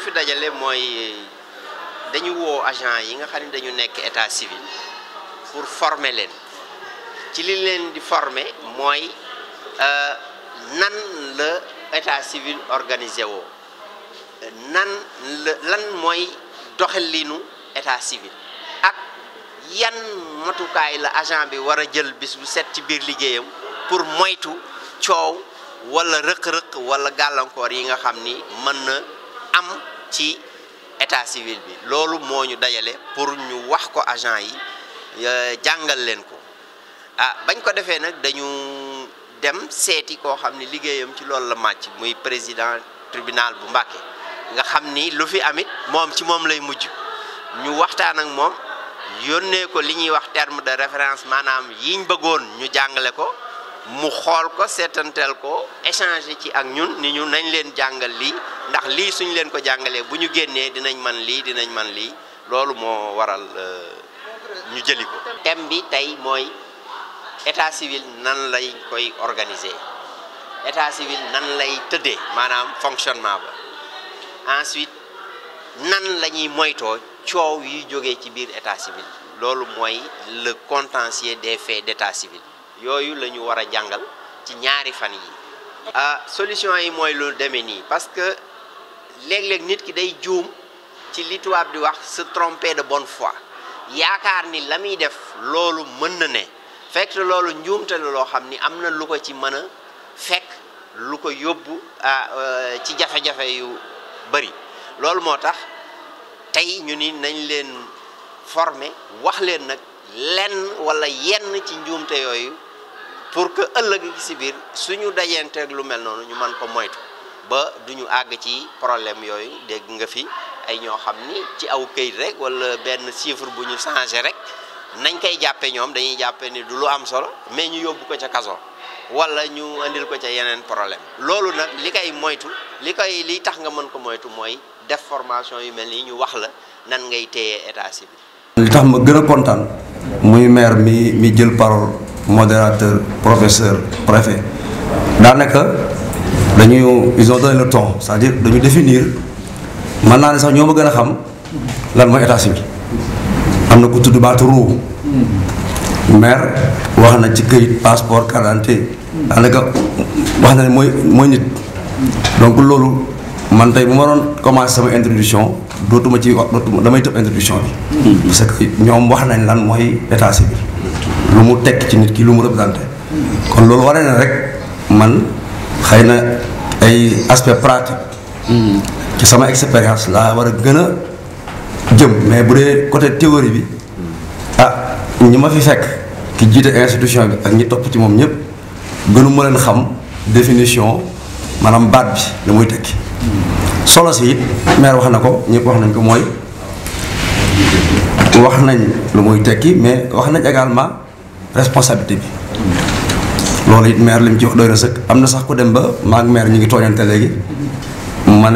ñu fi dajale mooy dañu woo agent yi nga xam ne dañu nekk état civil pour former leen ci li leen di former mooy euh, nan la état civil organisé woo nan la lan mooy doxalinu état civil ak yan matukaay la agent bi war a jël bis bu set ci biir liggéeyam pour moytu coow wala rëq-rëq wala gàllankoor yi nga xam ni mën na am ci état civil bi loolu moo ñu dajale pour ñu wax ko agent yi jàngal leen ko ah bañ ko defee nag dañu dem seeti koo xam ni liggéeyam ci loolu la màcc muy président tribunal bu Mbàkke nga xam ni lu fi amit moom ci moom lay mujj ñu waxtaan ak moom yónnee ko li ñuy wax terme de référence maanaam yiñ bëggoon ñu jàngale ko mu xool ko seetanteel ko échanger ci ak ñun ni ñu nañ leen jàngal lii ndax lii suñ leen ko jàngalee bu ñu génnee dinañ man lii dinañ man lii loolu moo waral euh, ñu jëli ko. thème bi tey mooy état civil nan lay koy organiser état civil nan lay tëddee maanaam fonctionnement ba ensuite nan la moytoo coow yi jógee ci biir état civil loolu mooy le contentieux des faits d'état civil. Yoyu la wara war a jàngal ci ñaari fan yi ah solution yi mooy lu demee nii parce que léeg-léeg nit ki day juum ci li tubaab di wax se tromper de bonne foi ni la def loolu mën na ne fekk loolu njuumte lo loo xam ni am na lu ko ci mën a fekk lu ko yóbbu ah, euh, ci jafe-jafe yu bari loolu moo tax ñu ni nañ leen former wax leen nag lenn wala yenn ci pour que ëllëg si biir suñu dajanteeg lu mel noonu ñu man ko moytu ba du ñu àgg ci problème yooyu dégg nga fi ay ñoo xam ni ci aw këyit rek wala benn chiffre bu ñu changé rek nañ koy jàppe ñoom dañuy jàppe ni du lu am solo mais ñu yóbbu ko ca kaso wala ñu indil ko ca yeneen problème loolu nag li koy moytu li koy li tax nga mën ko moytu mooy def formation yu mel nii ñu wax la nan ngay téye état civil. li tax ma gën a kontaan muy maire mi mi jël parole. modérateur professeur préfet daanaka dañuy ils ont donné le ton sa à dire dañu définir mën naa ne sax ñoo ma gën a xam lan mooy état civil am na ku tudd baatu ruu maire wax na ci këyit passeport carte d'identité daanaka wax na ne mooy mooy nit donc loolu man tey bu ma doon commencé sama introduction dootuma ci wax dootuma damay tëb introduction bi mm-hmm. parce que ñoom wax nañ lan mooy état bi lu mu tekk ci nit kii lu mu représenté kon loolu war a na rek man xëy na ay aspect pratique ci sama expérience laa war a gën a jëm mais bu dee côté théorie bi ah ñi ma fi fekk ki jiite institution bi ak ñi topp ci moom ñëpp gënu ma leen xam définition maanaam baat bi la muy tekki solo si it maire wax na ko ñëpp wax nañ ko mooy wax nañ lu muy tekki mais wax nañ également responsabilité bi loolu it maire lim ci wax doy na sëkk am na sax ku dem ba maire ngi ma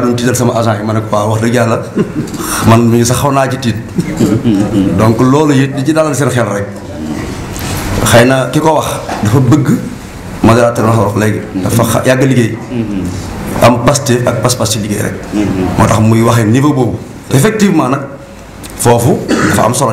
duñ sama agent mana ma ne ko wax dëgg yàlla man mi sax xaw naa ci tiit donc loolu it di ci dalal seen xel rek xëy na wax dafa bëgg modérateur wax wax léegi dafa yàgg liggéey mm-hmm. am pasté ak pas-pas ci liggéey rek mm-hmm. moo tax muy waxee niveau boobu effectivement nag foofu dafa am solo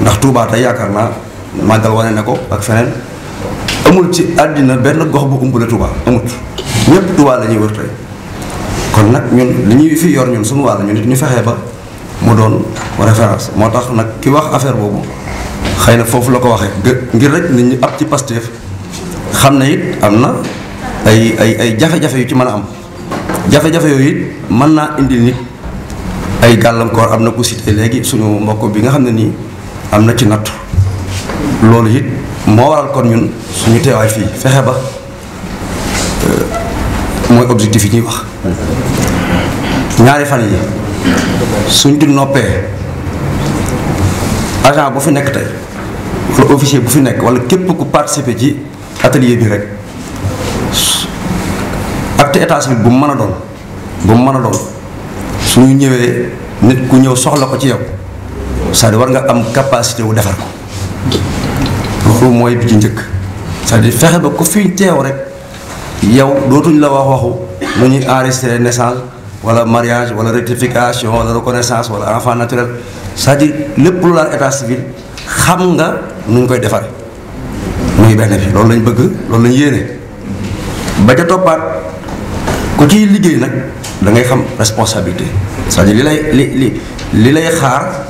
ndax Touba tey yaakaar naa màggal wane na ko ak feneen amul ci àddina benn gox bu umbule Touba amut ñëpp Touba la wër tey kon nag ñun li ñuy fi yor ñun suma wàll ñun nit ñu fexee ba mu doon référence moo tax nag ki wax affaire boobu xëy na foofu la ko waxee ngir rek nit ñi ab ci Pastef xam na it am na ay ay ay jafe-jafe yu ci mën a am jafe-jafe yooyu it mën naa indi nit ay gàllankoor am na ku cité léegi suñu mbokk bi nga xam ne nii am na ci natt loolu it moo waral kon ñun suñu teewaay fii fexe ba euh, mooy objectif yi ñuy wax ñaari fan yi suñ di noppee agent bu fi nekk tey wala officier bu fi nekk wala képp ku participer ci atelier bi rek acte état civil bu mu mën a doon bu mu mën a doon suñu ñëwee nit ku ñëw soxla ko ci yow. cest dire war nga am capacité wu defar ko loolu mooy bi ci njëkk cest à fexe ba ko teew rek yow dootuñ la wax waxu nu ñuy enregistré naissance wala mariage wala rectification wala reconnaissance wala enfant naturel c'est-à-dire lépp lu laal état civil xam nga nu ñu koy defar defare muy benn bi loolu lañ bëgg loolu lañ yéene ba ca toppaat ku ciy liggéey nag da ngay xam responsabilité cest dire li lay li li li lay xaar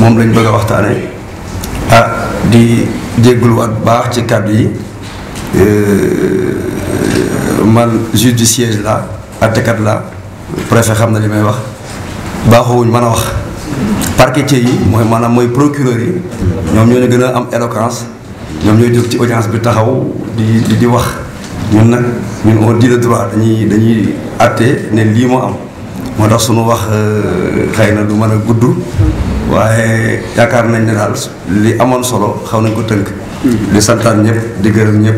moom lañ bëgg a ah di jégguluwaat bu baax ci kàddu yi man juge du siège la attekat la préfet xam na li may wax baaxowuñ mën a wax parquetier yi mooy maanaam mooy procureur yi ñoom ñoo ñu am éloquence ñoom ñooy jóg ci audience bi taxaw di di di wax ñun nag ñun on dit le droit dañuy dañuy atte ne lii moo am moo tax sunu wax xëy eh, na du mën a waaye yaakaar nañ ne daal li amoon solo xaw nañ ko tënk. Mm-hmm. di santaan ñëpp di gërëm ñëpp.